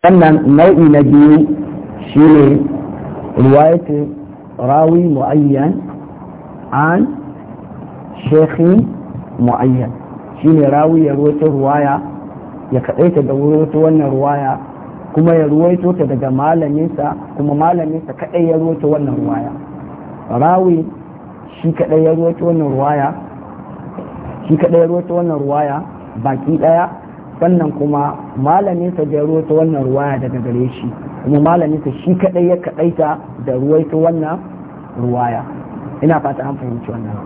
sannan nau'i na biyu shine riwayatu rawi mu'ayyan an shekhi mu'ayyan ne rawi ya ruwaito ruwaya ya kaɗaita da ruwaito wannan ruwaya kuma ya ruwaito ta daga malaminsa kuma malaminsa kaɗai ya ruwaito wannan ruwaya rawi shi kaɗai ya ruwaito wannan ruwaya shi kaɗai ya ruwaito wannan ruwaya baki ɗaya wannan kuma malamin sa da ta wannan ruwaya daga gare shi kuma malamin sa shi kadai ya kadaita da ta wannan ruwaya ina fata an fahimci wannan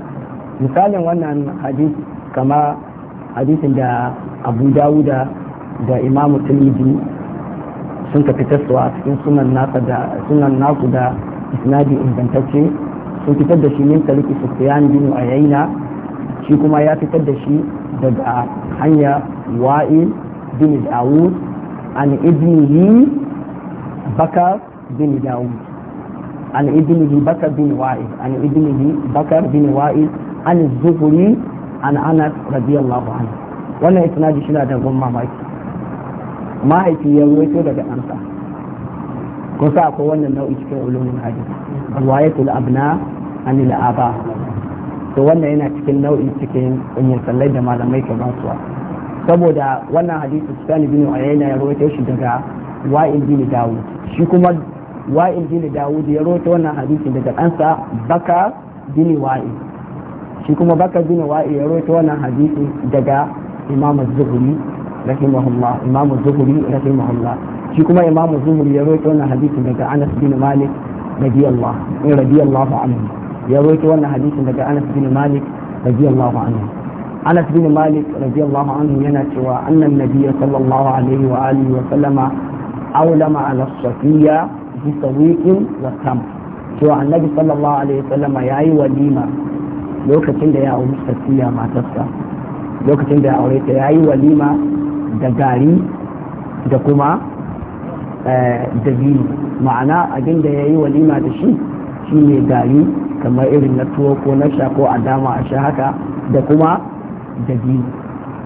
misalin wannan hadisi kama hadisin da abu dawuda da imamu tirmidhi sun tafi tasowa cikin sunan naku da sunan nasu da isnadi ingantacce sun fitar da shi min tariki sufyan bin uyayna shi kuma ya fitar da shi daga hanya wa'il bin dawud an ibnihi bakar bin dawud an ibnihi bakar bin wa'il an ibnihi bakar bin wa'il an zuhuri an anas radiyallahu anhu wannan isnadi shi da gun mamaki mahaifi ya ruwaito daga ɗansa ko sa akwai wannan nau'i cikin ulumin hadisi riwayatul abna anil aba to wannan yana cikin nau'in cikin yin sallai da malamai ke basuwa saboda wannan hadisi sufyan bin uyayna ya rawaito shi daga wain bin dawud shi kuma wain bin dawud ya rawaito wannan hadisi daga ɗansa baka bin wa'il shi kuma baka bin wa'il ya rawaito wannan hadisi daga imam az-zuhri rahimahullah imam az-zuhri rahimahullah shi kuma imam az-zuhri ya rawaito wannan hadisi daga anas bin malik radiyallahu radiyallahu anhu يرويته وانا حديث لك أنس بن مالك رضي الله عنه أنس بن مالك رضي الله عنه ينأتي أن النبي صلى الله عليه وآله وسلم أولم على الصفية في صويق وتم سوى النبي صلى الله عليه وسلم يا أي وليمة لو كتن يا أول الصفية ما تفسر لو كتن يا أوليت يا أي وليمة دقاري دقما آه، دقين معنى أجند يا أي وليمة دشي شيني دقاري kamar irin na tuwo ko na sha ko a dama a sha haka da kuma da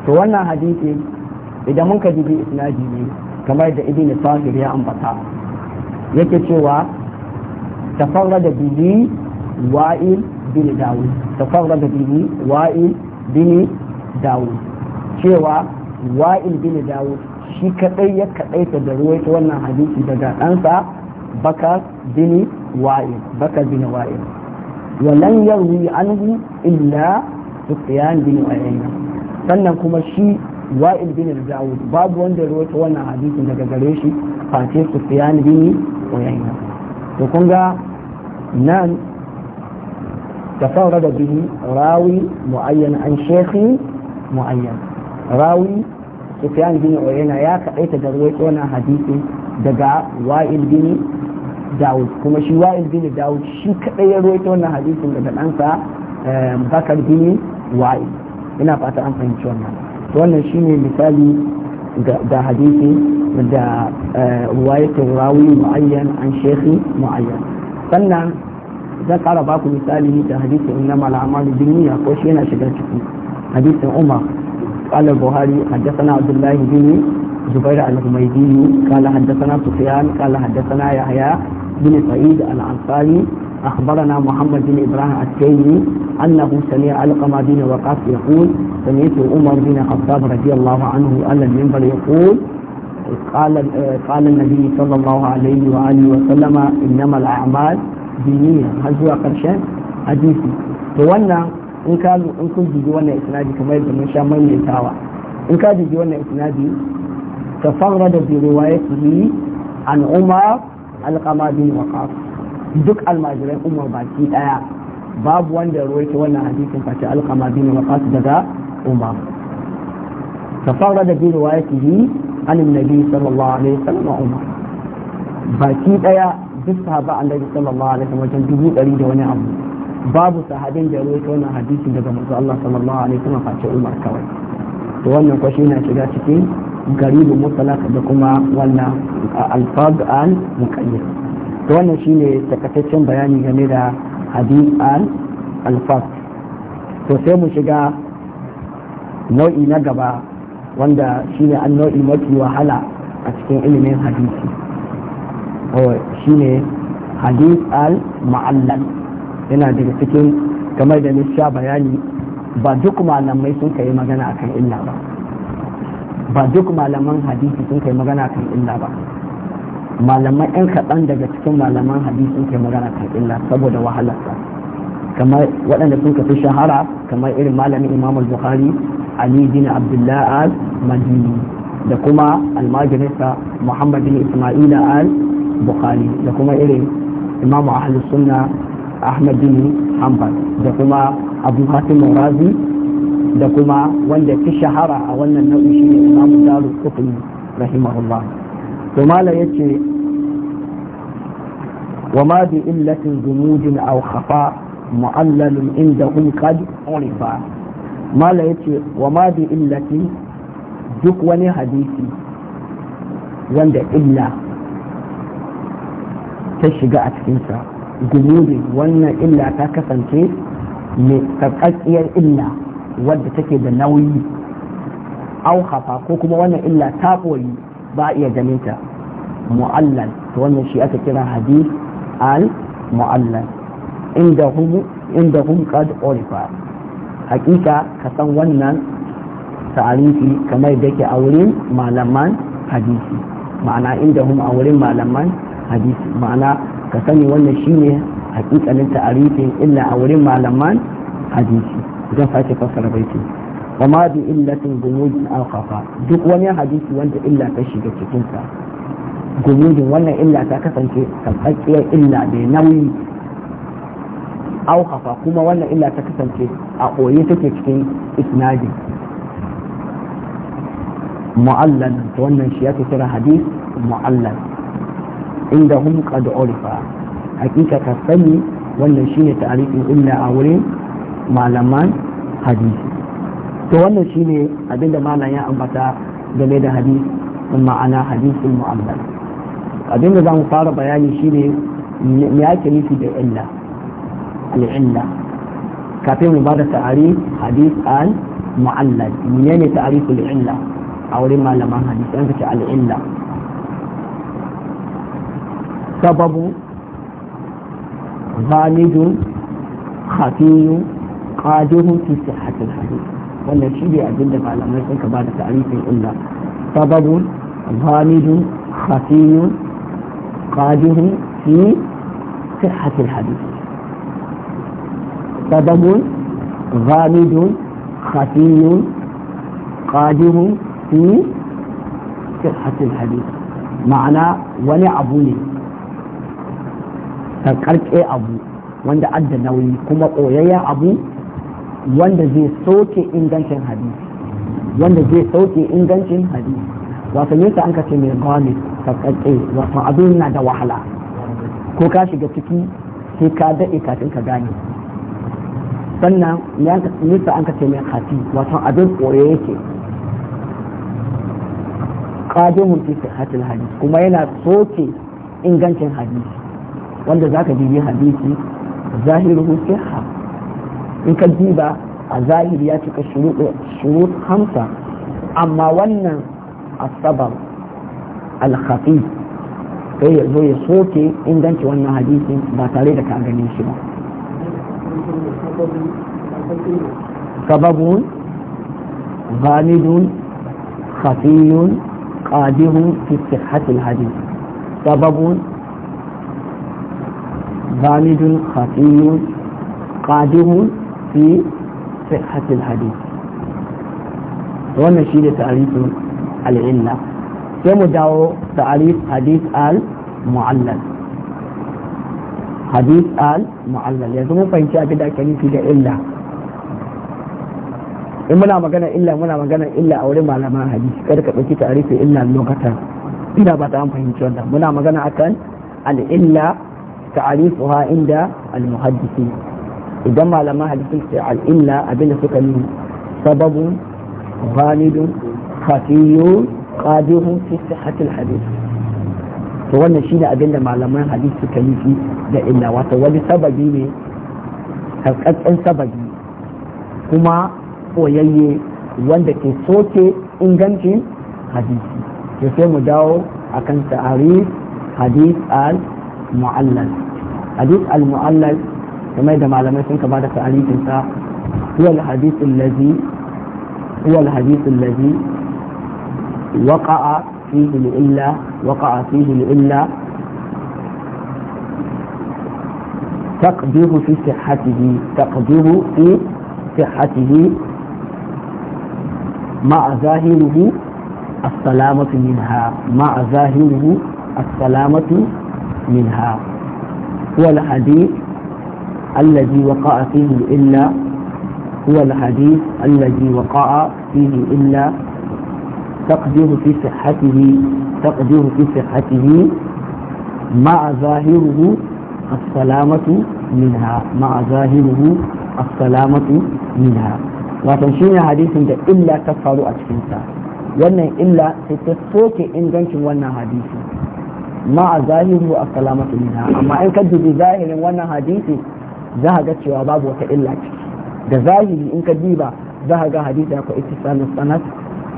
to wannan hadisi idan mun ka dubi isnadi ne kamar da ibn fasir ya ambata yake cewa da bihi wa'il bin dawud da bihi wa'il bin dawud cewa wa'il bin dawud shi kadai ya ta da ta wannan hadisi daga ɗansa baka bin wa'il baka bin wa'il walan yarwi anhu illa sufyan bin uyayna sannan kuma shi wa'il bin al-zawud babu wanda ya rawaito wannan hadisin daga gare shi face sufyan bin uyayna to kun ga nan تفرد به راوي معين عن شيخ معين راوي سفيان بن عيينة يا كأيت درويت وانا حديثي دقاء وائل بن Dawud kuma shi Wa'il bin Dawud shi kaɗai ya ruwaito wannan hadisin daga ɗansa eh, Bakar bin Wa'il ina fata an fahimci wannan to wannan shine eh, misali da hadisi da ruwayatul rawi mu'ayyan an shekhi mu'ayyan sannan za kara baku misali da hadisin inna mal ko shi yana shiga ciki hadisin Umar قال البخاري حدثنا عبد الله بن زبير الحميدي قال حدثنا سفيان قال حدثنا يحيى بن سعيد الأنصاري أخبرنا محمد بن إبراهيم التيمي أنه سمع علقمة بن وقاص يقول سمعت عمر بن الخطاب رضي الله عنه على المنبر يقول قال قال النبي صلى الله عليه وآله وسلم إنما الأعمال بالنية هل هو قرشان حديثي فوانا إن كان إن كنت جدي وانا إسنادي كما يبدو من شام من يتاوى إن كان جدي وانا إسنادي تفرد بروايته عن عمر alƙama bin waqaf duk almajiran umar baki daya babu wanda ruwaita wannan hadisin face alƙama bin waqaf daga umar biyu tafarrada bi riwayatihi an annabi sallallahu alaihi wasallam umar baki daya duk sahaba annabi sallallahu alaihi wasallam wajen dubu dari da wani abu babu sahabin da ruwaita wannan hadisin daga manzo Allah sallallahu alaihi wasallam face umar kawai to wannan kwashi na shiga cikin garibu mutlaq da kuma wannan alfad al muqayyad to wannan shine takataccen bayani game da hadith al alfad to sai mu shiga nau'i na gaba wanda shine an nau'i mafi wahala a cikin ilimin hadisi shine hadith al ma'allal yana daga cikin kamar da sha bayani ba duk malamai sun kai magana akan illa ba ba duk malaman hadisi sun kai magana kan illa ba malaman yan kaɗan daga cikin malaman hadisi sun kai magana kan illa saboda wahalarsa kamar waɗanda sun kafi shahara kamar irin malamin imam al-bukhari ali bin abdullah al-madini da kuma almajirinsa muhammad bin isma'ila al-bukhari da kuma irin imam ahlus sunna ahmad bin hanbal da kuma abu hatim razi da kuma wanda fi shahara a wannan nau'i shi ne imamu daru kufin rahimahullah to mala ya ce wa ma bi illatin zunubin aw khafa mu'allalun inda hum qad urifa mala ya ce wa ma bi illatin duk wani hadisi wanda illa ta shiga a cikinsa gumuri wannan illa ta kasance mai tsakakkiyar illa wadda take da nauyi aukafa ko kuma wannan illa ta koyi ba a iya ganin ta mu'allal to wannan shi aka kira hadith al mu'allal inda hum inda hum qad urifa hakika ka san wannan ta'arifi kamar da ke a wurin malaman hadisi ma'ana inda hum a wurin malaman hadisi ma'ana ka sani wannan shine hakikanin ta'arifin illa a wurin malaman hadisi zan sake fassara baiti wa ma bi illatin gumudin alqafa duk wani hadisi wanda illa ta shiga cikin sa gumudin wannan illa ta kasance tabbacciyar illa da nauyi aukafa kuma wannan illa ta kasance a ɓoye take cikin isnadin mu'allan ta wannan shi yake kira hadis mu'allan inda hum qad urifa hakika ka sani wannan shine ta'arifin illa a wurin malaman hadisi to wannan shine abinda malam ya ambata game da hadisi ma'ana hadisin mu'abbal abinda za mu fara bayani shine me ake nufi da illa al'illa kafin mu bada ta'ari hadis al mu'allal menene ta'arif al'illa a wurin malaman hadisi an kace al'illa sababu غالب خفي اعتقادهم في صحة الحديث ولا شيء أجد على مرسك بعد تعريف الأولى سبب غامض خفي قادر في صحة الحديث سبب غامض خفي قادر في صحة الحديث معنى ولا أبو لي karkarke abu wanda نوي كما kuma wanda zai soke ingancin hadisi wanda zai sauke ingancin hadisi wato ta an ce mai gami sakatse wato abin na da wahala ko ka shiga ciki sai ka daɗe kafin ka gane sannan ta an ce mai hafi wato abin ɓoye yake qadimun fi sihhatil hadisi kuma yana soke ingancin hadisi wanda zaka bibi hadisi zahiruhu sihha in ka diba a zahiri ya cika shurut hamsa amma wannan asabar alhafi sai ya zo ya soke inganci wannan hadisin ba tare da ka gani shi ba sababun ghalidun khafiyun qadihun fi sihhatil hadith sababun ghalidun khafiyun qadihun fi sihhatil hadith wannan shi ne ta'arifin al'illa sai mu dawo ta'arif hadith al mu'allal hadith al mu'allal yanzu fahimci illa in muna magana illa muna magana illa a wurin malaman hadisi kada ka ɗauki ta'arifin illa lokacin ina ba ta an fahimci wannan muna magana akan al illa ta'arifuha inda al muhaddisi idan malaman hadisi ce al'illa abinda suka yi sababun ghanidun khafiyun qadirun fi sihhatil hadith to wannan shine abinda malaman hadisi suka yi shi da illa wato wani sababi ne hakkakken sababi kuma koyayye wanda ke soke ingancin hadisi to sai mu dawo akan ta'arif hadith al mu'allal hadith al mu'allal كما يدى معلمات سنك بعد تعليق انت هو الحديث الذي هو الحديث الذي وقع فيه لإلا وقع فيه لإلا تقدير في صحته تقدير في صحته مع ظاهره السلامة منها مع ظاهره السلامة منها هو الحديث الذي وقع فيه الا هو الحديث الذي وقع فيه الا تقدير في صحته تقدير في صحته مع ظاهره السلامة منها مع ظاهره السلامة منها wato shi ne hadisin da illa ta faru a cikinsa wannan illa sai ta soke ingancin wannan hadisi ma a zahiru a salamatu amma in ka zahirin wannan hadisi za ga cewa babu wata illa ciki da zahiri in ka diba za a ga hadisi akwai sanat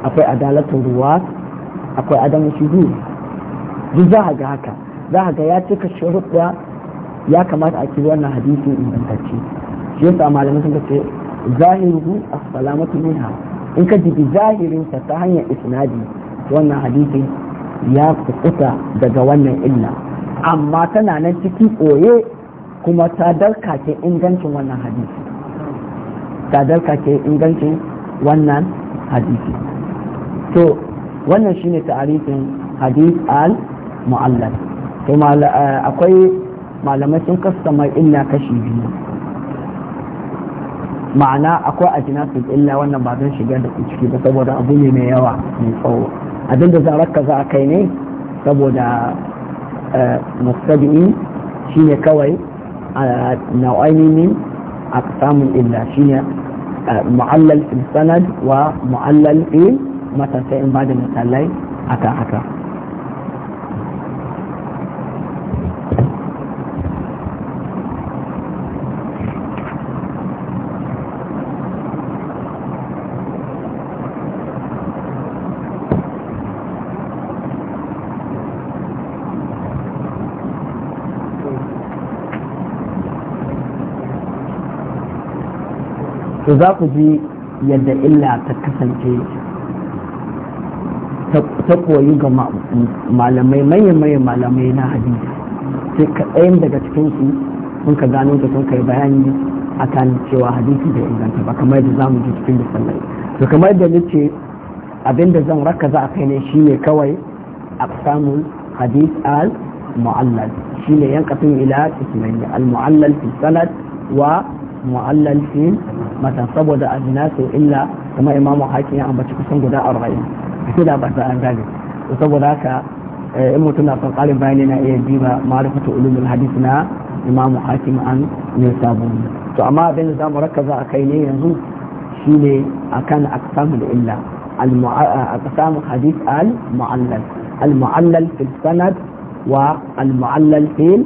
akwai adalatul ruwa akwai adamu shuhud duk za ga haka za ga ya cika shuruɗa ya kamata a kiri wannan hadisin ingantacce shi yasa malamai sun ce zahiruhu as-salamatu minha in ka dibi zahirinsa ta hanyar isnadi wannan hadisin ya kukuta daga wannan illa amma tana nan ciki koye kuma tadarka ke ingancin wannan hadisi tadarka ke ingancin wannan hadisi to wannan shine ta'arifin hadis al mu'allal to eh, akwai malamai sun kasta illa kashi biyu ma'ana akwai ajinasul illa wannan ba zan shiga da ciki ba saboda abu ne mai yawa mai tsawo abinda za raka za a kai ne saboda shi eh, shine kawai nau'aini min samun illa shine mu'allal fil sanad wa mu'allal fil mata sai in bada misalai akan haka to za ku ji yadda illa ta kasance ta koyi ga malamai manyan manyan malamai na hadisi sai kaɗayan daga cikinsu sun ka gano da sun kai bayani a kan cewa hadisi da inganta ba kamar yadda za mu ji cikin da to kamar yadda ce abinda zan raka za a kai ne shi ne kawai a samun hadis al mu'allal Shi shine yankafin ila ismaili al mu'allal fi sanad wa mu'allal fi matan saboda adina illa kuma imamu hakim ya ambaci kusan guda arba'in ita da ba ta an gane saboda haka eh, in mutum na son ƙarin bayani na iya ba ma'arifatu ulumul hadith na imamu hakim an ne sabu to amma abin da zamu rakaza a kai ne yanzu shine akan aqsamul illa al-aqsam eh, hadith al-mu'allal al-mu'allal fil sanad wa al-mu'allal fil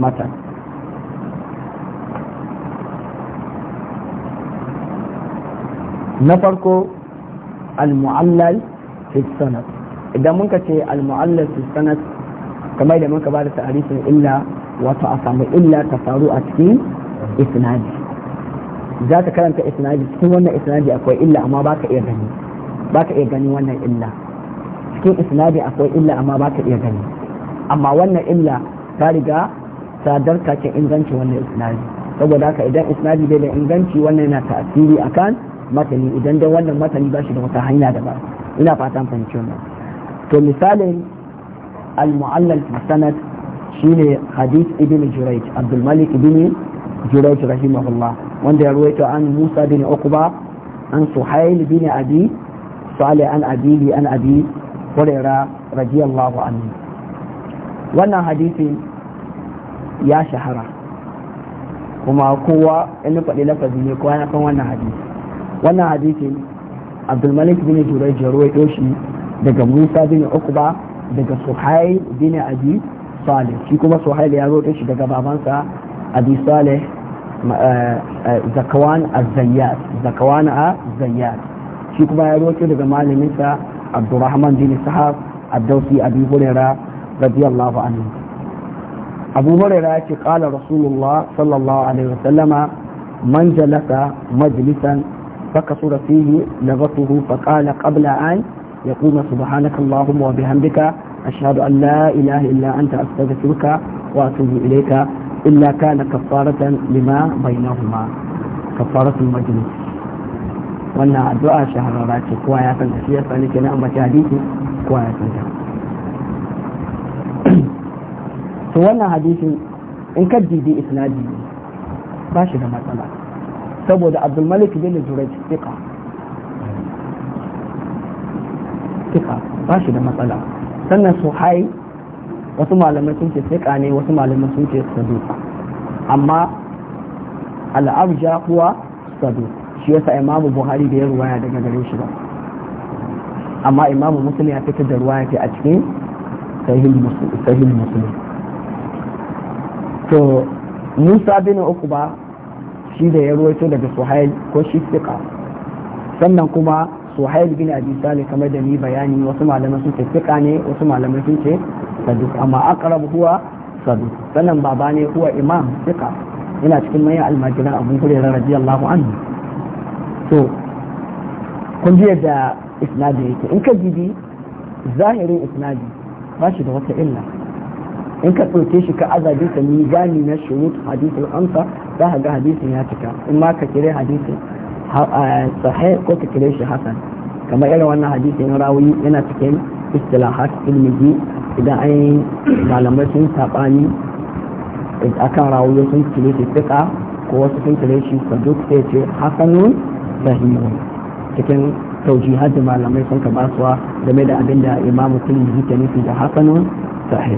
matan na farko al-mu'allal fi sanad idan mun ka ce al-mu'allal fi sanad kamar da muka ba da ta'arifin illa wato a samu illa ta faru a cikin isnadi za ka karanta isnadi cikin wannan isnadi akwai illa amma ba ka iya gani ba ka iya gani wannan illa cikin isnadi akwai illa amma ba ka iya gani amma wannan illa ta riga ta ce inganci wannan isnadi saboda haka idan isnadi bai da inganci wannan yana tasiri akan matani idan dan wannan matani ba shi da wata hanya da ba ina fatan fahimci wannan to misalin al-mu'allal fi sanad shine hadith ibn jurayj abdul malik ibn jurayj rahimahullah wanda ya ruwaito an musa bin uqba an suhail bin abi salih an abi an abi wannan hadisi ya shahara kuma kowa in faɗi lafazi ne kowa na kan wannan hadisi wannan hadisin abdulmalik bin Turai jaro ya daga musa bin ukuba daga suhail bin abi salih shi kuma suhail ya roƙe shi daga babansa abi salih eh, eh, zakawan az-zayyad zakawan az-zayyad shi kuma ya roƙe daga malaminsa abdurrahman bin sahab ad-dawsi abi hurairah radiyallahu anhu abu hurairah ya ce qala rasulullah sallallahu alaihi wasallama man jalasa majlisan فكثر فيه لغته فقال قبل أن يقول سبحانك اللهم وبحمدك أشهد أن لا إله إلا أنت أستغفرك وأتوب إليك إلا كان كفارة لما بينهما كفارة المجلس وأن الدعاء شهر راتب ويا فالأشياء فلك نعم حديثي ويا فالأشياء حديث إن كدي بإسنادي باشر ما طلعت saboda abdulmalik bin juraj tika tika ba shi da matsala sannan su hai wasu malamai sun ce tika ne wasu malamai sun ce saduq amma al'abja kuwa saduq shi yasa imamu buhari da ya ruwaya daga gare shi ba amma imamu muslim ya fitar da ruwaya ke a cikin sahih muslim to musa bin uku ba shi da ya ruwaito daga suhail ko shi fiqa sannan kuma suhail bin abi salih kamar da ni bayani wasu malaman sun ce fiqa ne wasu malaman sun ce saduk amma aqrab huwa saduk sannan baba ne huwa imam fiqa yana cikin manyan almajiran abu hurairah radiyallahu anhu to kun ji yadda isnadi yake in ka gidi zahirin isnadi ba shi da wata illa in ka ɗauke shi ka azabi ka mizani na shurut hadisin amsa za ka ga hadisin ya cika in ma ka kire hadisin sahih ko ka kire shi hasan kamar irin wannan hadisin rawi yana cikin istilahat ilmiji idan an yi malamai sun saɓani akan rawi sun kire shi fiƙa ko wasu sun kire shi saduk sai ce hasanun sahihun cikin taujihat da malamai sun ka basuwa game da abin da imamu sun yi nufi da hasanun sahih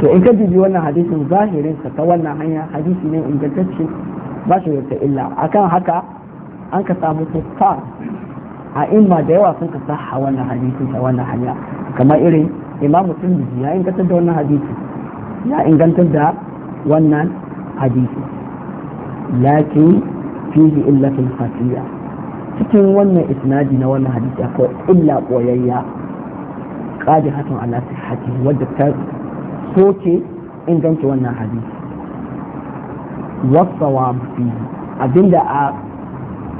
to in ka bibi wannan hadisin zahirin sa ta wannan hanya hadisi ne ingantacce ba shi wata illa akan haka an ka samu kuffar a imma da yawa sun ka saha wannan hadisin ta wannan hanya kamar irin imamu tirmidhi ya ingantar da wannan hadisi ya ingantar da wannan hadisi lakin fihi illatul khafiyya cikin wannan isnadi na wannan hadisi akwai illa koyayya qadi hatun ala sihhati wadda ta soke inganta wannan hadisi wasawa fi abinda a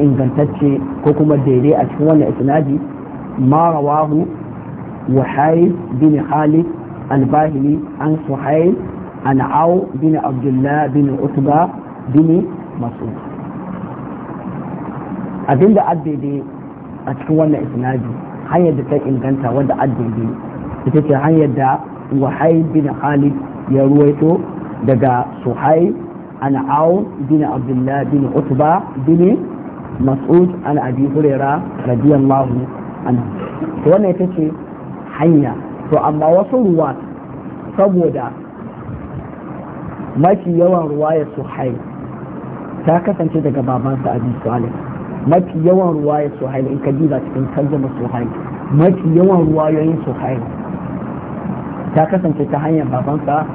ingantacce ko kuma daidai a cikin wannan isnadi ma rawahu وحيد بن خالد الباهلي عن سهيل عن عو بن عبد الله بن عتبة بن مسعود abin da addede a cikin wannan isnadi hanyar da ta inganta wanda addede ita ce hanyar da wahai bin Khalid ya ruwaito daga Suhai an Aun bin Abdullah bin Utba bin Mas'ud an Abi Huraira radiyallahu anhu to wannan ita ce hanya to amma wasu ruwa saboda mafi yawan ruwayar Suhai ta kasance daga babansa Abi Salih mafi yawan ruwayar Suhail in ka diba cikin tarjuma suhai mafi yawan ruwayoyin suhai ta kasance ta hanyar babansa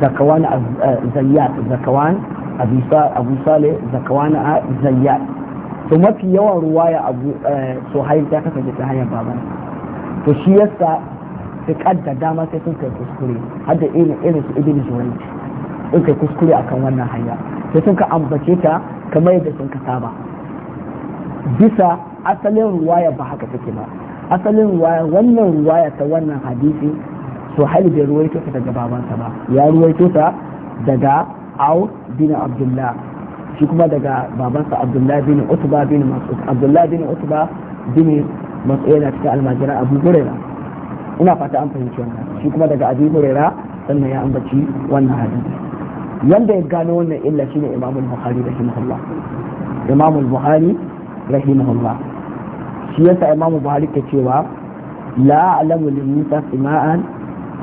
zakawan zayyat zakawan abu sale zakawan zayyat to mafi yawan ruwaya abu eh, suhail ta kasance ta hanyar babansa to shi yasa fi da dama sai sun kai kuskure har da irin irin su ibn jurai sun kai kuskure akan wannan hanya sai sun ka ambace ta kamar yadda sun ka saba bisa asalin ruwaya ba haka take ba asalin wannan ruwaya ta wannan hadisi to hali bai ruwaito ta daga babansa ba ya ruwaito ta daga au bin abdullah shi kuma daga babansa abdullah bin utba bin mas'ud abdullah bin utba bin mas'ud yana cikin almajira abu huraira ina fata an fahimci wannan shi kuma daga abu huraira sannan ya ambaci wannan hadisi yanda ya gano wannan illa shine imamul bukhari rahimahullah imamul bukhari rahimahullah shi yasa imamu buhari ke cewa la alamu lil musa sima'an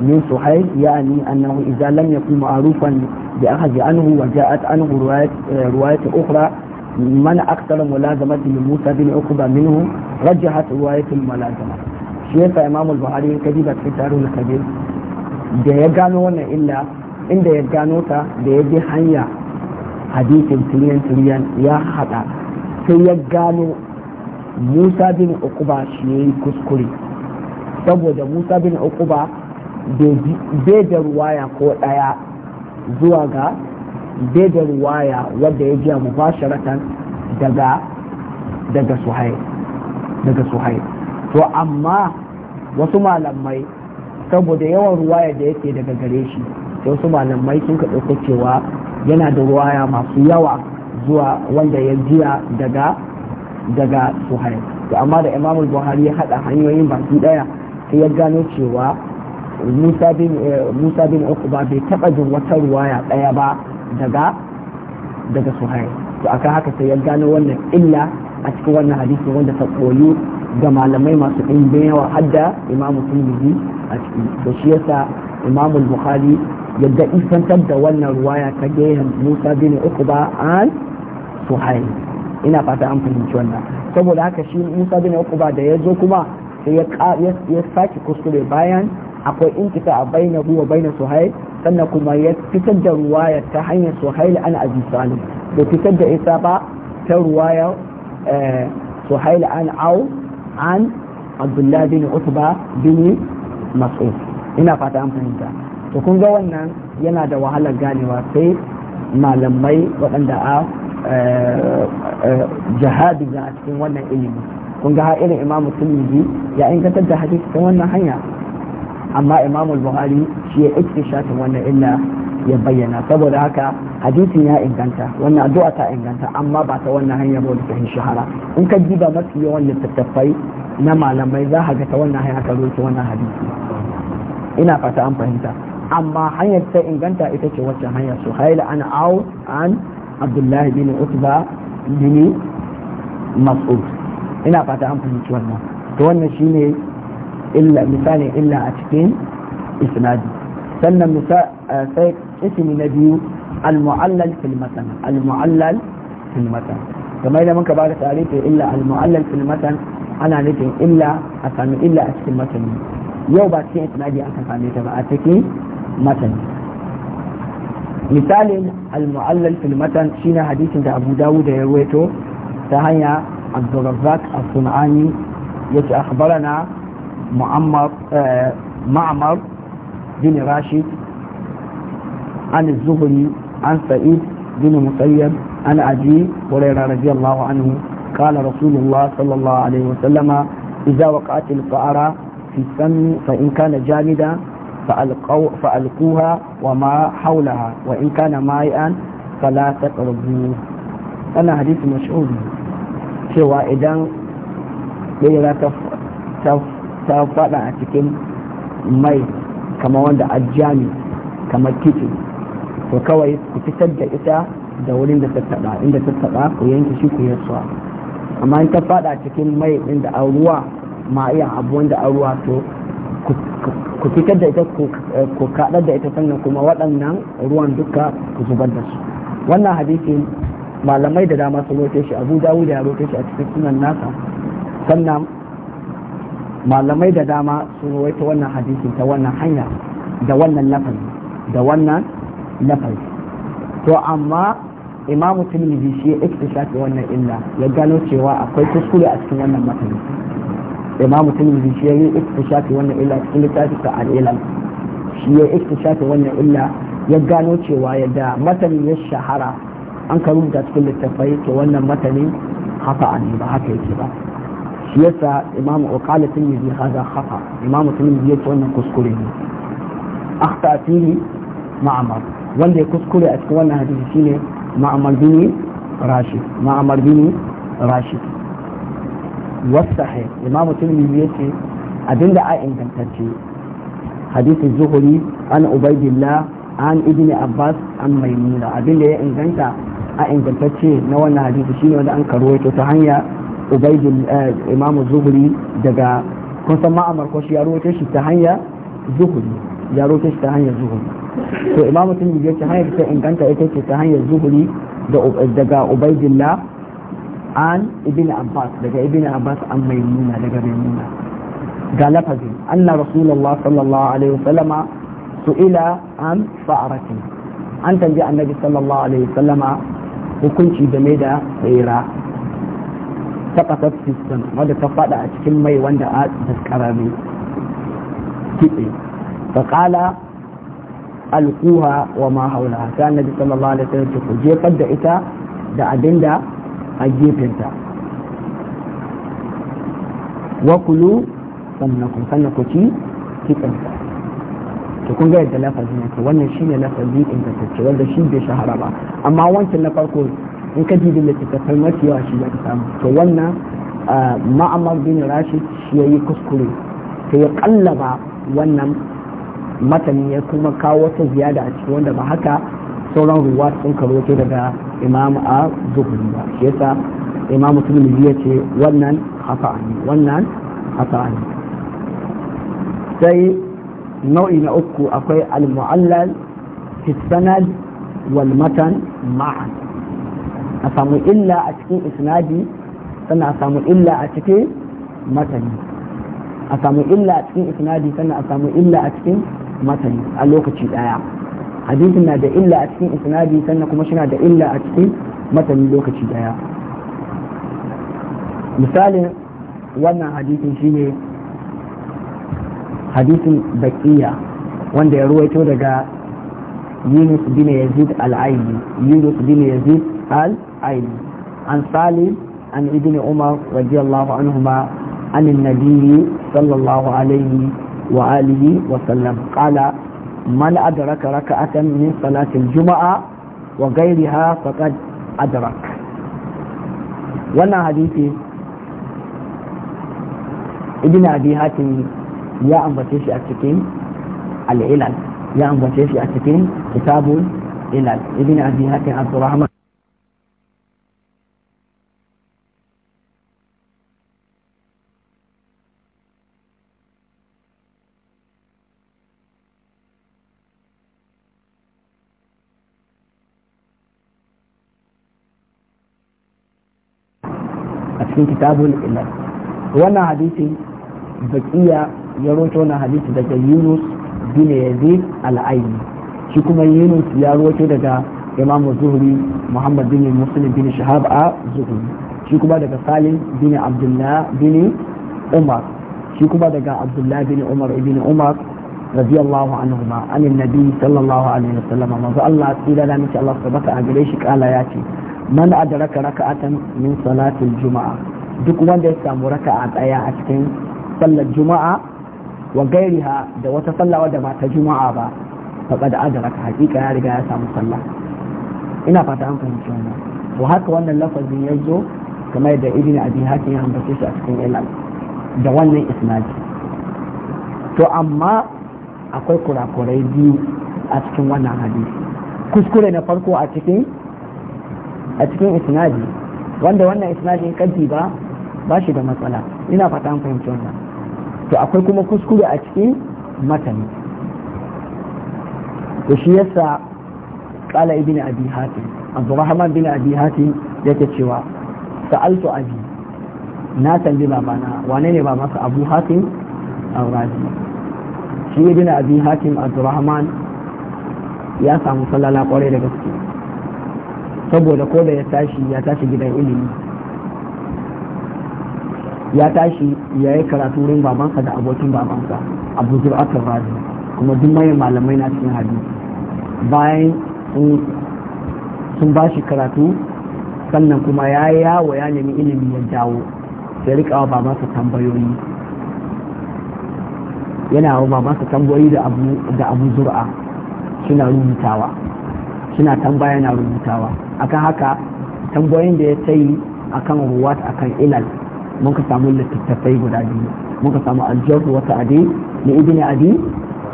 min suhayl ya'ni annahu idza lam yakun ma'rufan bi akhadhi anhu wa ja'at anhu riwayat eh, riwayat ukhra man aktsara mulazamati lil musa bin uqba minhu rajjahat riwayat al mulazama shi yasa imamu buhari ka diba cikin tarihul kabir da ya gano wannan illa inda ya gano ta da ya bi hanya hadisin tiriyan tiriyan ya hada sai ya gano musa bin uquba shi ya yi kuskure saboda musa bin uquba bai da ruwaya ko ɗaya zuwa ga bai da ruwaya wadda ya biya mubasharatan daga daga suhai daga suhai to amma wasu malamai saboda yawan ruwaya da yake daga gare shi sai wasu malamai sun ka ɗauka cewa yana da ruwaya masu yawa zuwa wanda ya jiya daga daga suhail to amma da imamul buhari ya hada hanyoyin baki daya sai ya gano cewa musa bin eh, musa bai taba jin wata ruwaya daya ba daga daga suhail to aka haka sai ya gano wannan illa a cikin wannan hadisi wanda ta koyu ga malamai masu ɗimbin yawa hadda imamu tirmidhi a ciki to shi yasa imamul buhari ya da isantar da wannan ruwaya ta gehen musa bin uqba an suhail ina fata an fahimci wannan saboda haka shi musa bin Ukuba da ya zo kuma sai ya sake kuskure bayan akwai inkita a baina huwa baina suhail sannan kuma ya fitar da ruwaya ta hanyar suhail an abi salim da fitar da isa ba ta ruwaya eh, suhail an au an abdullahi bin utba bin mas'ud ina fata an fahimta to kun ga wannan yana da wahalar ganewa sai malamai waɗanda a jihadi a cikin wannan ilimi kun ga irin imam sulmi ya ingantar da hadisi ta wannan hanya amma imam buhari shi ya shafin wannan illa ya bayyana saboda haka hadisin ya inganta wannan addu'a ta inganta amma ba ta wannan hanya ba da shahara in ka ba mafi yawan littattafai na malamai za ka ga ta wannan hanya ka roki wannan hadisi ina fata an fahimta amma hanyar ta inganta ita ce wacce hanya su haila an au an abdullahi bin utba bin mas'ud ina fata an fahimci wannan to wannan shine illa misali illa a cikin isnadi sannan eh, sai ismi na biyu al-mu'allal fil matan al-mu'allal fil matan kamar da muka bada tarihi illa al-mu'allal fil matan ana nufin illa a sami illa a cikin matan yau ba cikin isnadi aka same ta ba a cikin matan misalin al-mu'allal fil matan shine hadisin da Abu Dawud ya rawaito ta hanya Abdurrazzaq as-Sun'ani yace akhbarana Muammar Ma'mar bin Rashid عن الزهري عن سعيد بن مسيب عن أبي هريرة رضي الله عنه قال رسول الله صلى الله عليه وسلم إذا وقعت القعرة في السم فإن كان جامدا فألقوها وما حولها وإن كان مائعا فلا تقربوه أنا حديث مشهور cewa idan ɗera ta faɗa a cikin mai kama wanda ajami kamar kicin to kawai ku fitar da ita da wurin da ta inda ta ku yanke shi ku yasuwa amma in ta faɗa cikin mai da ruwa ma iya abu wanda ku fitar da ita eh, ku kaɗar da ita sannan kuma waɗannan ruwan duka ku zubar da su wannan hadisi malamai da dama sun rote shi abu dawud ya rote shi a cikin sunan nasa sannan malamai da dama sun rote wannan hadisi ta wannan hanya da wannan lafazi da wannan lafazi to amma imamu tilmizi shi ya shafi wannan illa ya gano cewa akwai kuskure a cikin wannan matsayi imam tirmidhi shi yayi iktishafi wannan illa cikin littafi ta al-ilal shi yayi iktishafi wannan illa ya gano cewa yadda matanin ya shahara an ka rubuta cikin littafai to wannan matanin hafa ne ba haka yake ba shi yasa imam uqala tirmidhi haza hafa imam tirmidhi yace wannan kuskure ne akhta fihi ma'amar wanda ya kuskure a cikin wannan hadisi shine ma'amar bin rashid ma'amar bin rashid wasahe imam tirmidhi yace abinda a ingantacce hadisi zuhuri an ubaydillah an ibn abbas an maimuna abinda ya inganta a ingantacce na wannan hadith shine wanda an karwaito ta hanya ubaidil imamu zuhuri daga kun san ma amarko shi ya rawaito shi ta hanya zuhuri ya rawaito shi ta hanya zuhuri to imam tirmidhi yace hanya ta inganta ita ce ta hanya zuhuri daga ubaydillah an ibn abbas daga ibn abbas an maimuna daga maimuna ga lafazin anna rasulullah sallallahu alaihi wasallama su'ila an fa'aratin an tambayi annabi sallallahu alaihi wasallama hukunci game da tsira ta system wadda ta fada a cikin mai wanda a daskararri kitse faƙala alkuha wa ma haula ta annabi sallallahu alaihi wasallam ku jefar da ita da abinda a gefenta wa kulu sannan sannan ku ci kitsansa to kun ga yadda lafazin yake wannan shine lafazi ingantacce wanda shi bai shahara ba amma wancan na farko in ka jibin da tattafai mafi yawa shi zaka samu to wannan ma'amar bin rashid shi ya yi kuskure ta ya kallaba wannan matani ya kuma kawo wata ziyada a cikin wanda ba haka sauran ruwa sun karo daga imam a zuhri ba shi yasa imam turmizi ya ce wannan haka ne wannan haka ne sai nau'i na uku akwai al-mu'allal fi wal matan ma'an a samu illa a cikin isnadi sannan a samu illa a cikin matani a samu illa a cikin isnadi sannan a samu illa a cikin matani a lokaci daya hadisin na da illa a cikin isnadi sannan kuma shi na da illa a cikin matanin lokaci daya misalin wannan hadisin shine hadisin bakiya wanda ya ruwaito daga yunus bin yazid al-aini yunus bin yazid al-aini an salim an ibn umar radiyallahu anhuma عن النبي sallallahu alaihi عليه wa وسلم قال man adraka akan min salatil juma'a wa ghayriha faqad adrak wannan hadisi ibn abi hatim ya ambace shi a cikin al-ilal ya ambace shi a cikin kitabul ilal ibn cikin kitabul ilal wannan hadisi bakiya ya roto wannan hadisi daga yunus bin yazid al-aini shi kuma yunus ya roto daga imam zuhri muhammad bin muslim bin shahab a zuhri shi kuma daga salim bin abdullah bin umar shi kuma daga abdullah bin umar ibn umar رضي الله عنهما عن النبي صلى الله عليه وسلم ما الله قيل لا الله ثبت أجريش قال ياتي man adraka raka'atan min salatil juma'a duk wanda ya samu raka'a ɗaya a cikin sallar juma'a wa gairiha da wata sallawa da ba ta juma'a ba faqad adraka hakika ya riga ya samu sallah ina fata an fahimci wannan to haka wannan lafazin ya zo kamar da ibn abi hakim ya ambace shi a cikin ilal da wannan isnadi to amma akwai kurakurai biyu a cikin wannan hadisi kuskure na farko a cikin a cikin isnadi wanda wannan isnadin kaji ba ba shi da matsala ina fata an fahimci wannan to akwai kuma kuskure a cikin matani Da shi yasa kala ibn abi hatim rahman bin abi hatim yake cewa sa'altu abi na tambi babana wane ne ba masa abu hatim al-razi shi ibn abi hatim rahman ya samu sallala kwarai da gaske saboda ko da ya tashi ya tashi gidan ilimi ya tashi ya yi karatu wurin babansa da abokin babansa abu zur'atul razi kuma duk mayan malamai na cikin hadisi bayan sun ba shi karatu sannan kuma ya yawo ya nemi ilimi ya jawo sai rika wa babansa tambayoyi yana wa babansa tambayoyi da abu zur'a suna rubutawa suna tambaya na rubutawa akan haka tambayoyin da ya ta yi akan ruwat akan ilal mun ka samu littattafai guda biyu mun ka samu aljabu wata adi da ibn adi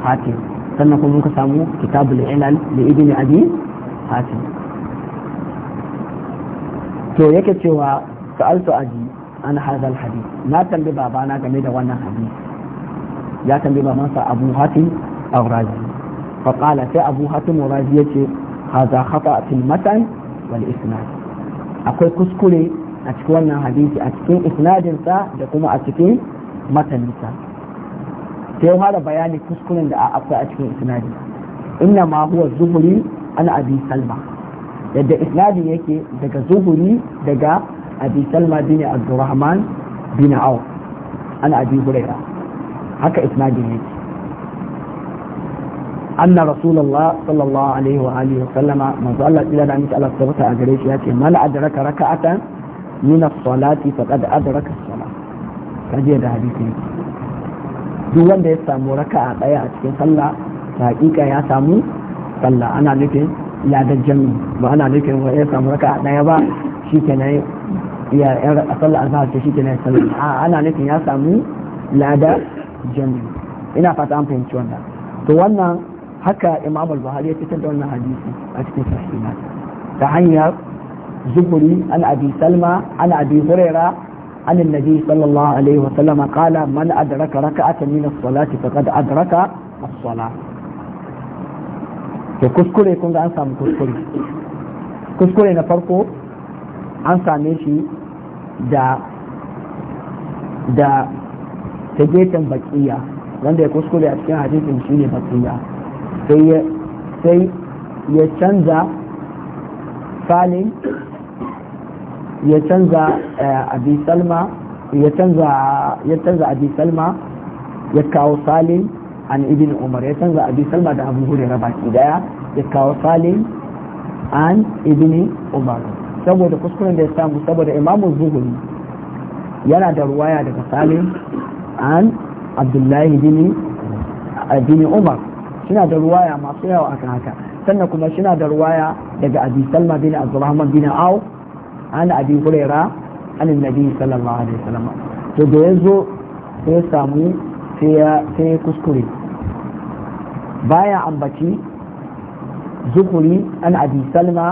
hatim sannan kuma mun ka samu kitabul ilal da ibn adi hatim to yake cewa sa'altu Adi an hadal hadith na tambi babana game da wannan hadith ya tambi babansa abu hatim al-razi fa qala sai abu hatim al-razi yace haza khata matan wal isnad akwai kuskure a cikin wannan hadisi a cikin isnadinsa da kuma a cikin mataninsa sai fara bayani kuskuren da akwai a cikin isnadi inna ma huwa zuhuri an abi salma yadda isnadi yake daga zuhuri daga abi salma bin abdurrahman bin auf an abi huraira haka isnadi yake anna rasulullah sallallahu alaihi wa alihi wa sallama manzo Allah ila da miki Allah tabbata a gare shi yace man adraka raka'atan min as-salati faqad adraka as-salat kaje da hadisi duk wanda ya samu raka'a daya a cikin sallah hakika ya samu sallah ana nufin ya da jami ba ana nufin ya samu raka'a daya ba shikenan ya a sallah azhar ce shikenan ya sallah a ana nufin ya samu lada jami ina fata an fahimci wannan to wannan haka imam al-buhari ya fitar da wannan hadisi a cikin sahiha ta hanyar zuburi an abi salma an abi huraira an annabi sallallahu alaihi wa sallama qala man adraka raka'atan min as-salati faqad adraka as-salah to kuskure kun ga an samu kuskure kuskure na farko an same shi da da ta bakiya wanda ya kuskure a cikin hadisin shine bakiya sai ya canza salim ya canza eh, abi salma ya canza abi salma ya kawo salim an ibn umar ya canza abi salma da abu raba baki daya ya kawo salim an ibn umar saboda kuskuren da ya samu saboda imamun zuhuri yana da ruwaya daga salim an abdullahi bin eh, umar suna da ruwaya masu yawa akan haka sannan kuma suna da ruwaya daga abi salma bin abdurrahman bin aw an abi huraira an annabi sallallahu alaihi wasallam to da yazo sai samu sai ya sai kuskure baya ambaci zuhuri an abi salma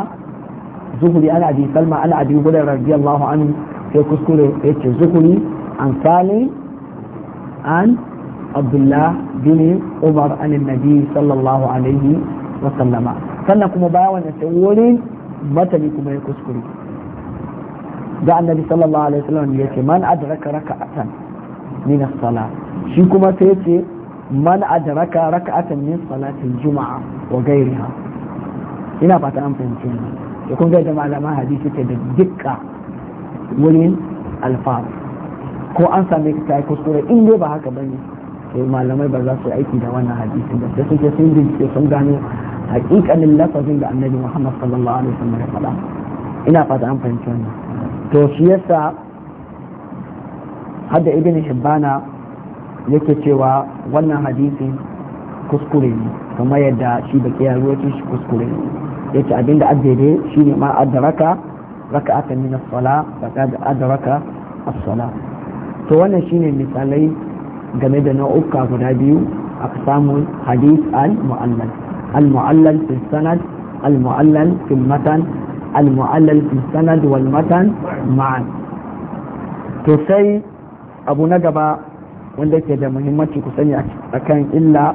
zuhuri an abi salma an abi huraira radiyallahu anhu sai kuskure yace zuhuri an salim an abdullah bin umar anin nabi sallallahu alaihi wa sallama sannan kuma baya wannan sai wurin matani kuma ya kuskure da annabi sallallahu alaihi wasallam ya ce man adraka raka'atan min as-salah shi kuma sai ya ce man adraka raka'atan min salatin juma'a wa ghairiha ina fata an fahimci ne to kun ga da malaman hadisi ke da dukka wurin alfar ko an same ka ta kuskure in dai ba haka bane malamai ba za su aiki da wannan hadisin ba sai suke sun bincike sun gano hakikanin lafazin da annabi Muhammad sallallahu alaihi wasallam ya faɗa ina fata an fahimci wannan to shi yasa hadda ibn hibbana yake cewa wannan hadisin kuskure ne kamar yadda shi da ke yaruwa shi kuskure ne yace abinda addade shine ma adraka raka'atan min as-sala faqad adraka as-sala to wannan shine misalai game da nau'uka guda biyu aqsamul hadith al mu'allal al mu'allal fi sanad al mu'allal fi matan al mu'allal fi sanad wal matan ma'an to sai abu na gaba wanda ke da muhimmanci ku sani akan illa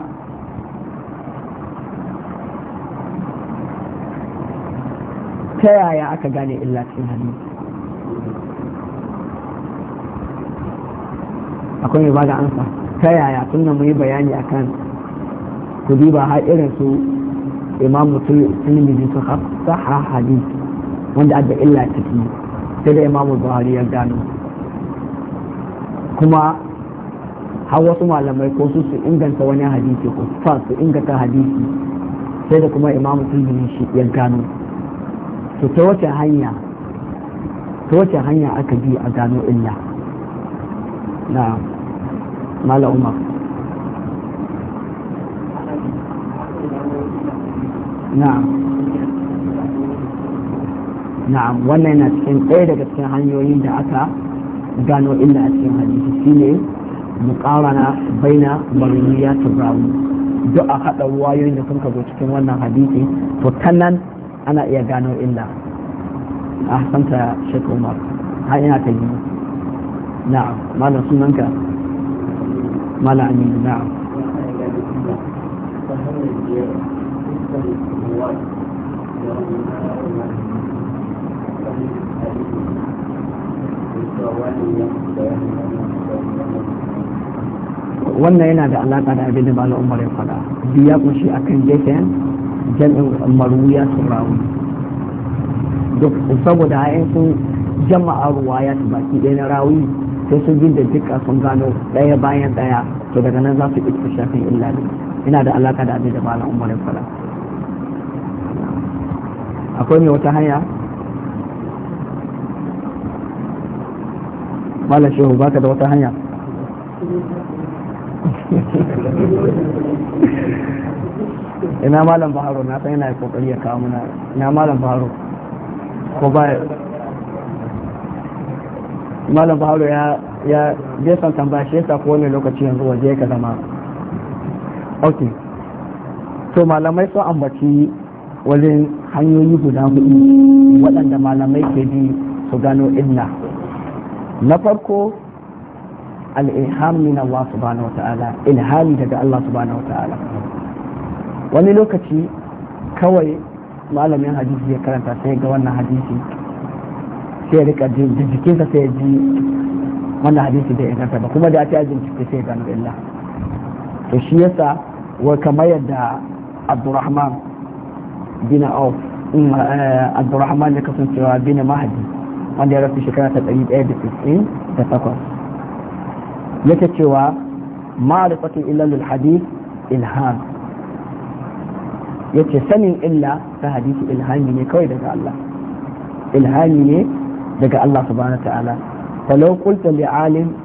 ta yaya aka gane illa cikin hadisi akwai mai bada amsa ta yaya tun da yi bayani kan ku diba har irin su Imam imamu tirmidhi su saha hadi wanda adda illa ciki sai da imamu buhari ya gano kuma har wasu malamai ko su su inganta wani hadisi ko fa su inganta hadisi sai da kuma imamu tirmidhi shi ya gano to ta wace hanya ta wace hanya aka bi a gano illa na mala umar na'am na'am wannan yana cikin ɗaya daga cikin hanyoyin da aka gano illa a cikin hadisi shine muqarana baina marwiya tabrawi duk a haɗa wayoyin da kun zo cikin wannan hadisi to ta nan ana iya gano illa a hasanta umar har ina ta na'am malam sunanka malam aminu na'am wannan yana da alaƙa da abin da ba umar ya faɗa biya kunshi a kan jefen jam'in maruya turawi duk saboda ayin sun jama'a ruwa ya su baki ɗaya na rawi sai sun duka sun gano ɗaya bayan ɗaya to daga nan za su ɗauki shafin illali, ina da alaka da abin da malam umar ya fara akwai mai wata hanya malam shehu baka da wata hanya ina malam baharo na san yana kokari ya kawo muna ina malam baharo ko baya malam baharo ya ya bai san tambaya shi yasa ko wani lokaci yanzu waje ka zama ok to malamai sun ambaci wajen hanyoyi guda hudu waɗanda malamai ke bi su gano illa na farko al'ilham Allah subhanahu wa ta'ala ilhami daga Allah subhanahu wa ta'ala wani lokaci kawai malamin hadisi ya karanta sai ga wannan hadisi sai ya rika jikinsa sai ya ji wannan hadisi bai inganta ba kuma da ta bincike sai gano illa to shi yasa wa kamar yadda abdurrahman bin auf mm, eh, abdurrahman ya kasancewa bin mahadi wanda ya rasu shekara ta ɗari ɗaya da tasirin da takwas yake cewa illa illalul hadis ilham yace sanin illa ta hadisi ilhami ne kawai daga Allah ilhami ne daga Allah subhanahu wa ta'ala falau qulta li alim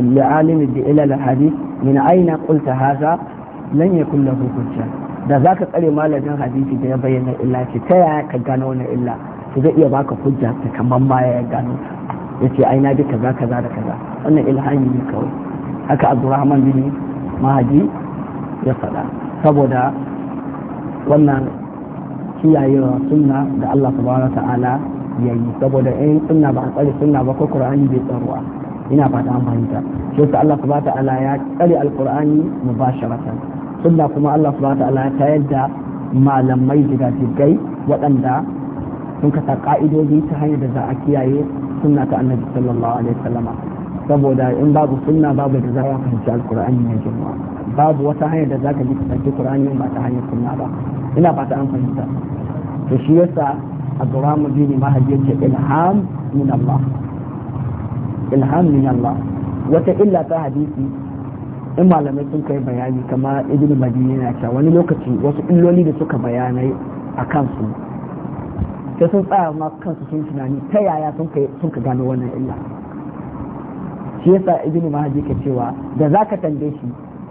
li alim bi ila al hadith min aina qulta hadha lan yakun lahu hujja da zaka tsare malamin hadisi da ya bayyana illa ki ta ka gano wannan illa to zai iya baka hujja ta kaman ma ya gano yace aina bi kaza kaza da kaza wannan ilhami ne kawai haka Abdurrahman bin Mahdi ya faɗa saboda wannan kiyayewa sunna da Allah subhanahu wa ta'ala ya yi saboda in suna ba a tsare suna ba ko qur'ani bai tsaruwa ina fata an fahimta shi yasa Allah subhanahu ta'ala ya tsare alqur'ani mubasharatan sunna kuma Allah subhanahu ta'ala ya tayar da malamai jigajigai waɗanda sun kasa ka'idoji ta hanyar da za a kiyaye sunna ta annabi sallallahu alaihi wasallama saboda in babu sunna babu da za a fahimci alqur'ani mai girma babu wata hanyar da za ka bi ka fahimci qur'ani ba ta hanyar sunna ba ina fata an fahimta to shi yasa أقرام ديني ما هجيت إلهام من الله إلهام من الله وتإلا تهديتي in malamai sun kai bayani kama ibn madini yana cewa wani lokaci wasu illoli da suka bayanai a kansu sai sun tsaya ma kansu sun tunani ta yaya sun ka gano wannan illa shi yasa ibn mahdi ke cewa da zaka tambaye shi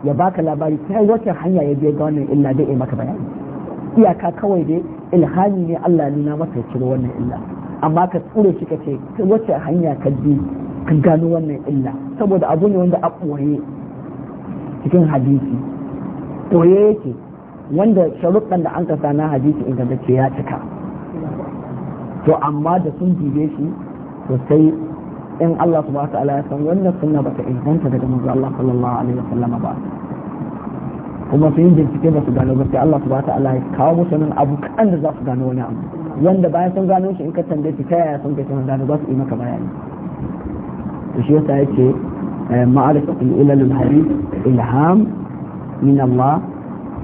ya baka labari ta wata hanya ya je ga wannan illa ya maka bayani iyaka kawai dai ilhami ne Allah nuna maka cire wannan illa amma ka tsure shi ka ce wacce hanya ka bi ka gano wannan illa saboda abu ne wanda a ɓoye cikin hadisi ɓoye yake wanda sharuɗan da an kasa na hadisi ingantacce ya cika to amma da sun jibe shi to sai in Allah subhanahu wa ta'ala ya san wannan sunna bata inganta daga manzo Allah sallallahu alaihi wasallam ba kuma su yin bincike ba su gano ba ta Allah ya kawo musu nan abu kan da za su gano wani abu wanda bayan sun gano shi in ka tambaye su ta yaya sun kai sun gano ba su yi maka bayani to shi yasa yake eh, ma'arifatul ilal al hadith ilham min Allah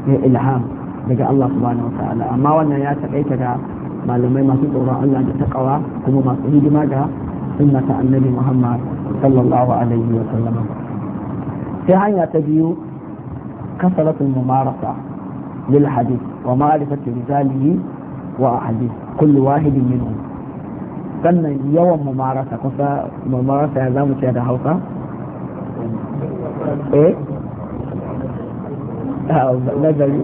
ne eh, ilham daga Allah subhanahu wataala amma wannan ya takaita da malamai masu tsoron Allah da takawa kuma masu hidima ga sunnata annabi Muhammad sallallahu alaihi wa sallam sai hanya ta biyu كثرة الممارسة للحديث ومعرفة رجاله وأحاديث كل واحد منهم كان يوم ممارسة كفا ممارسة هذا مشاهدة حوصة إيه نزل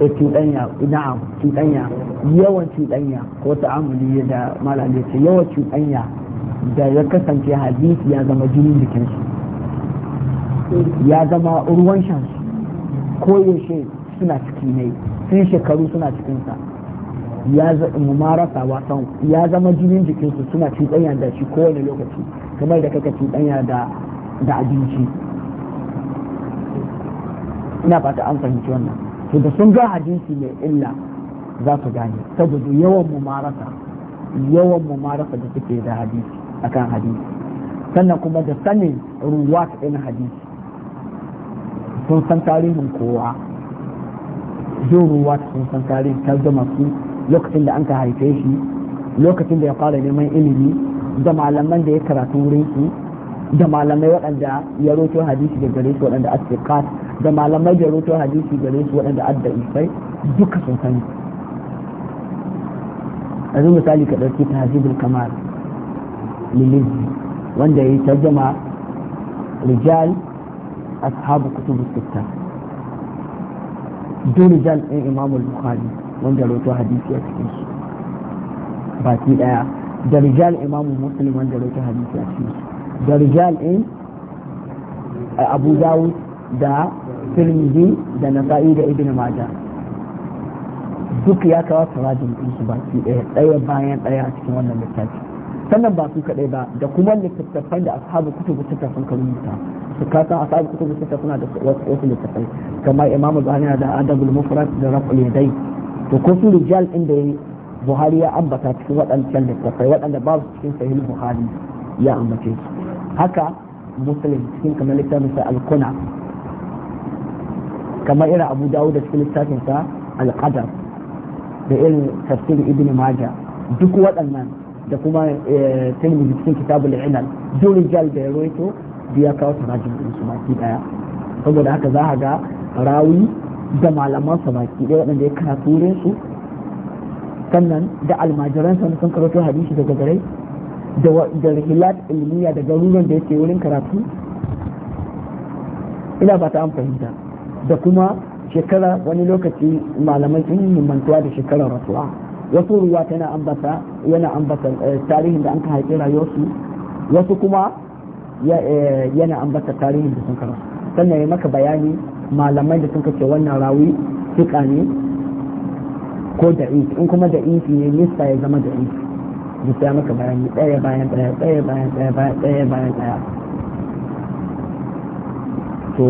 إيه، تيتانيا نعم تيتانيا يوم تيتانيا كوتا عملي يدا مالا ليسي يوم تيتانيا دا يكسن في حديث يا زمجين بكنشي ya zama ruwan shan koyaushe suna ciki ne sun shekaru suna cikinsa ya zama marasa wasan ya zama jinin jikinsu suna cuɗanya da shi kowane lokaci kamar da kaka cuɗanya da abinci ina fata an fahimci wannan to da sun ga hadisi mai illa za su gane saboda yawan mumarasa yawan mumarasa da suke da hadisi akan hadisi sannan kuma da sanin ruwat ɗin hadisi sun san tarihin kowa jin ruwa sun san tarihin ta su lokacin da an ka haife shi lokacin da ya fara neman ilimi da malaman da ya karatu wurin su da malamai waɗanda ya roto hadisi da gare su waɗanda asiqat da malamai da roto hadisi gare su waɗanda adda isai duka sun sani yanzu misali ka ɗauki ta hazibul kamal lilizi wanda ya yi tarjama rijal ashabu kutubu sitta dole jal ɗin imamu bukhari wanda roto hadisi a cikin su baki ɗaya da rijal imamu muslim wanda roto hadisi a cikin su da rijal ɗin abu da tirmidhi da nasa'i da ibn majah duk ya kawo tarajin ɗin su baki ɗaya ɗaya bayan ɗaya a cikin wannan littafi sannan ba su kaɗai ba da kuma littattafai da ashabu kutubu suka sun ka rubuta su ka san ashabu kutubu suka suna da wasu littattafai kamar imamu zahani da adabul mufrad da raf'ul yadai to ko su rijal din da buhari ya ambata cikin waɗancan littattafai waɗanda babu cikin sahih buhari ya ambace su haka muslim cikin kamar littafin sa al-kuna kamar irin abu dawud da cikin littafin sa al-qadar da irin tafsir ibn majah duk waɗannan da kuma eh, tirmidhi cikin da inal duk jal da ya roito biya kawo tarajim din su baki daya saboda haka za a ga rawi da malaman sa baki daya wadanda ya karatu wurin su sannan da almajiran sa sun karanto hadisi daga gare da rihilat ilmiya da garuruwan da yake wurin karatu ina ba ta an fahimta da kuma shekara wani lokaci malamai sun yi mantuwa da shekarar rasuwa wasu ruwa tana ambata yana ambata eh, tarihin da an ka haifi rayuwarsu wasu kuma eh, yana ambata tarihin da sun kara sannan ya maka bayani malamai da sun kace wannan rawi fika ne ko da in kuma da ne nista ya zama da da sai maka bayani ɗaya bayan ɗaya ɗaya bayan ɗaya ɗaya bayan ɗaya to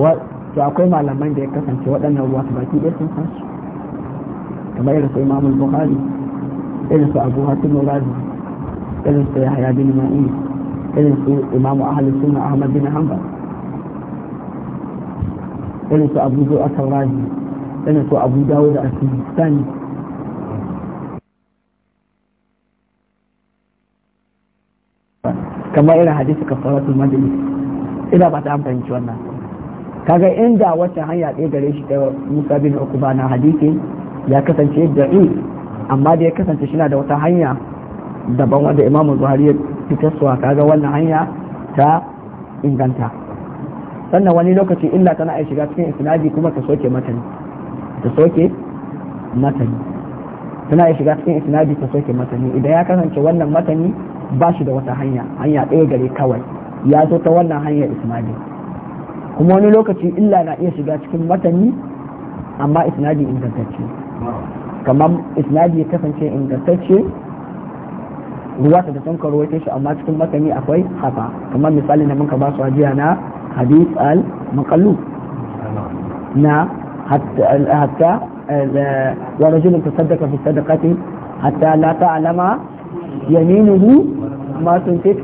akwai malaman da ya kasance waɗannan ruwa su baki ɗaya sun san su kamar irin su imamul bukhari irinsu su abu hatim razi irin su bin ma'in irinsu imamu ahli sunna ahmad bin hanbal irin su abu zuwa taurazi irin su abu dawo da sani kamar irin hadisi kafaratul majlis ina ba ta ciwon wannan kaga inda wata hanya ɗaya gare shi ta musa bin ukuba na hadisi ya kasance da'i amma da ya kasance shi na da wata hanya daban wanda imam buhari ya fitar suwa kaga wannan hanya ta inganta sannan wani lokaci illa tana ai shiga cikin isnadi kuma ta soke matani ta soke matani tana ai shiga cikin isnadi ta soke matani idan ya kasance wannan matani ba shi da wata hanya hanya ɗaya gare kawai ya zo ta wannan hanyar isnadi kuma wani lokaci illa na iya shiga cikin matani amma isnadi ingantacce kamar isnadi ya kasance ingantacce ruwa ta sun karwace shi amma cikin matani akwai haka kamar misalin da muka ba su ajiya na hadith al maqallu na hatta eh, wa rajulun tasaddaqa fi sadaqati hatta la ta'lama yaminuhu ma tunfik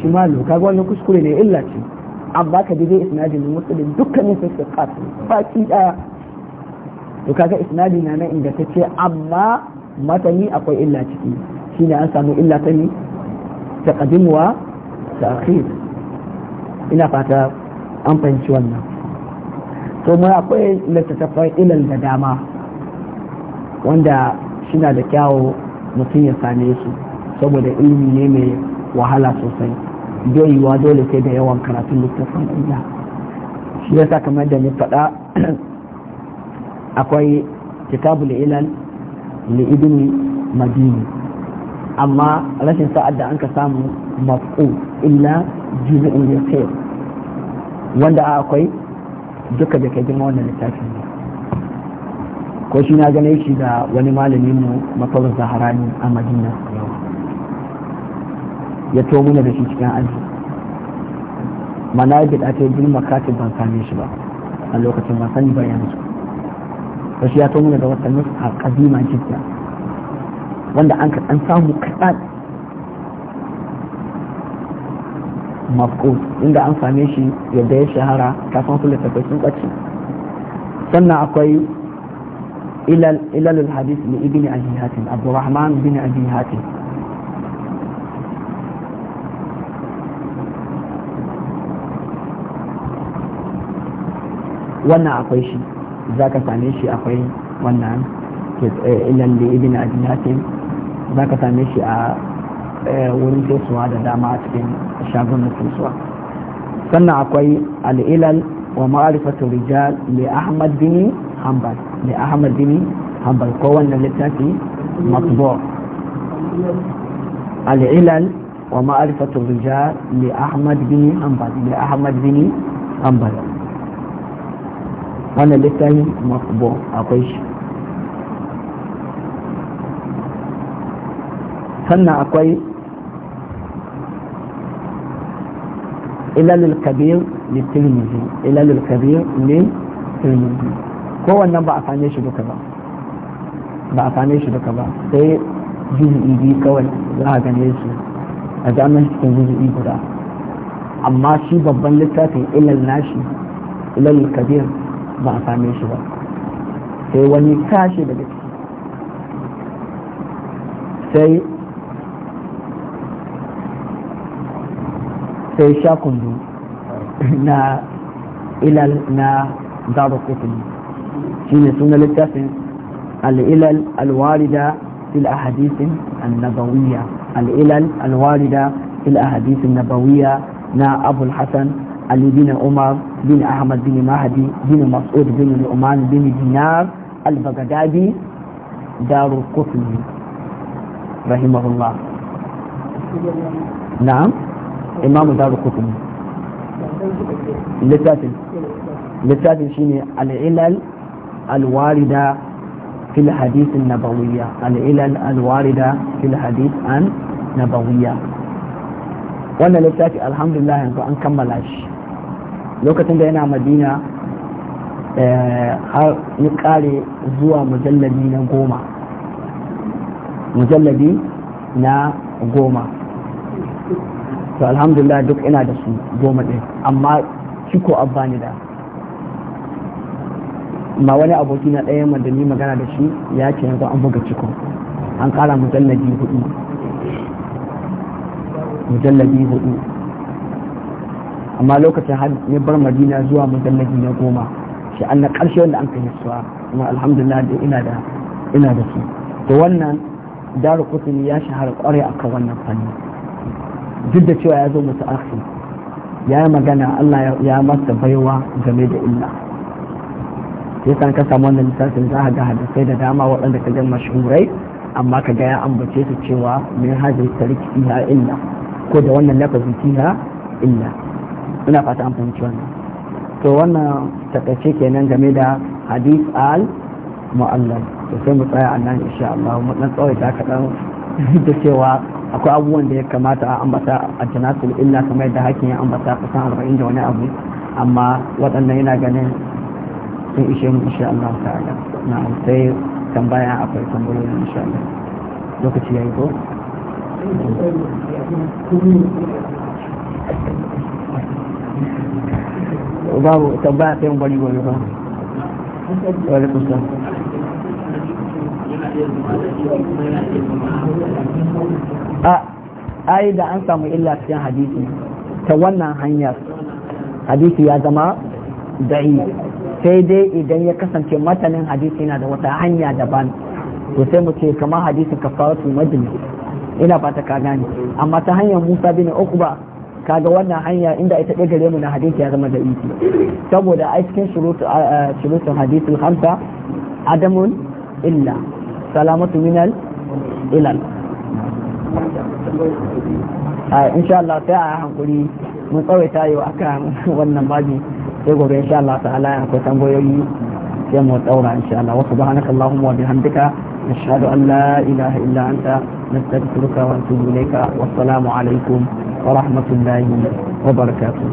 shimalu kaga wannan kuskure ne illa ce amma ka dai isnadin muslim dukkanin sai ka kasu baki daya to kaga isnadi na nan inda ta ce amma matani akwai illa ciki shine an samu illa ta ni taqdim ta akhir ina fata an fahimci wannan to akwai littattafan ilal da dama wanda shina da kyawo mutum ya same su saboda ilimi ne mai wahala sosai bai dole sai da yawan karatun littattafan illa shi yasa kamar da ni faɗa akwai kitabul ilal li ibn madini amma rashin sa'ad da an ka samu mafu illa juz'un yasir wanda akwai duka da kai girma wannan littafin ko shi na gane shi da wani malami mu mafarin zaharani a madina ya to mana da shi cikin aji mana ya ta yi bin makatin ban same shi ba a lokacin ban sani ba su. da shi ya tomo daga wata nusa kadima jidda wanda an an samu kaɗan mafkos inda an same shi yadda ya shahara kafin su littafai sun ɓace sannan akwai ilalul hadis ne ibn abi hatim abdurrahman bin abi hatim wannan akwai shi za ka same shi akwai wannan eh, ilalle ibn abi hatim za ka same shi a eh, wurin fesuwa da dama a cikin shagunan fesuwa sannan akwai al'ilal wa ma'arifatu rijal li ahmad bin hanbal li ahmad bin hanbal ko wannan littafi matbu al'ilal wa ma'arifatu rijal li ahmad bin hanbal li ahmad bin hanbal wannan littafi makubo akwai shi sannan akwai ilalul kabir ne tirmizi ilalul kabir ne tirmizi kowannan ba a same shi duka ba ba a same shi duka ba sai juzu'i biyu kawai za a gane su a jami'in cikin juzu'i guda amma shi babban littafin ilal nashi ilal kabir ba a same shi ba sai wani tashi daga ciki sai sai sha kundu na ilal na zaɓa kutuli shi ne suna littafin al'ilal alwarida fil ahadisin annabawiya al'ilal alwarida fil ahadisin nabawiya na abul hasan علي بن عمر بن أحمد بن مهدي بن مسعود بن نعمان بن دينار البغدادي دار القطني رحمه الله نعم إمام دار القطني لتاتي لتاتي شنو العلل الواردة في الحديث النبوية العلل الواردة في الحديث النبوية wannan littafi الحمد لله an يعني kammala lokacin da yana madina eh, har ya kare zuwa mujallabi na goma mujallabi na goma to alhamdulillah duk ina da su goma ɗin amma ciko abba ni da ma wani aboki na ɗaya madani magana da shi ya ce yanzu an buga ciko an kara mujallabi hudu mujallabi hudu amma lokacin har ya bar madina zuwa masallaci na goma shi an na ƙarshe wanda an kai suwa kuma alhamdulillah da ina da ina da su to wannan daru kutumi ya shahara kwarai kan wannan fanni duk da cewa ya zo musu akhi ya yi magana Allah ya masa baiwa game da illa sai san ka samu wannan lissafin za a ga hadisai da dama waɗanda ka jan mashahurai amma ka ga ya ambace su cewa min hajji tariki illa ko da wannan lafazin fiha illa ina fata an fahimci wannan to wannan takaice kenan game da hadith al mu'allal to sai mu tsaya nan insha Allah mu dan tsawai da kadan da cewa akwai abubuwan da ya kamata a ambata a janatul illa kamar da hakin ya ambata kusan 40 da wani abu amma waɗannan yana ganin sun ishe mu insha Allah ta'ala na sai tambaya akwai tambayoyi insha Allah lokaci yayi ko babu tambaya ba wa alaikum a ai da an samu illa cikin hadisi ta wannan hanyar hadisi ya zama da'i sai dai idan ya kasance matanin hadisi yana da wata hanya daban to sai mu ce kamar hadisin kafaratul majlis ina ba ta ka gane amma ta hanyar Musa bin ba. kaga wannan hanya inda ita ɗaya gare mu na hadisi ya zama da iti saboda a cikin shirutun hadisi hamsa adamun illa salamatu minal ilal insha Allah sai a hankuri mun tsawaita yau akan wannan babi sai gobe insha Allah ta ya akwai tambayoyi sai mu tsaura insha Allah wa subhanaka allahumma wa bihamdika nashhadu an la ilaha illa anta nastaghfiruka wa natubu wasu wassalamu alaikum ورحمة الله وبركاته